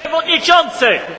Przewodniczący!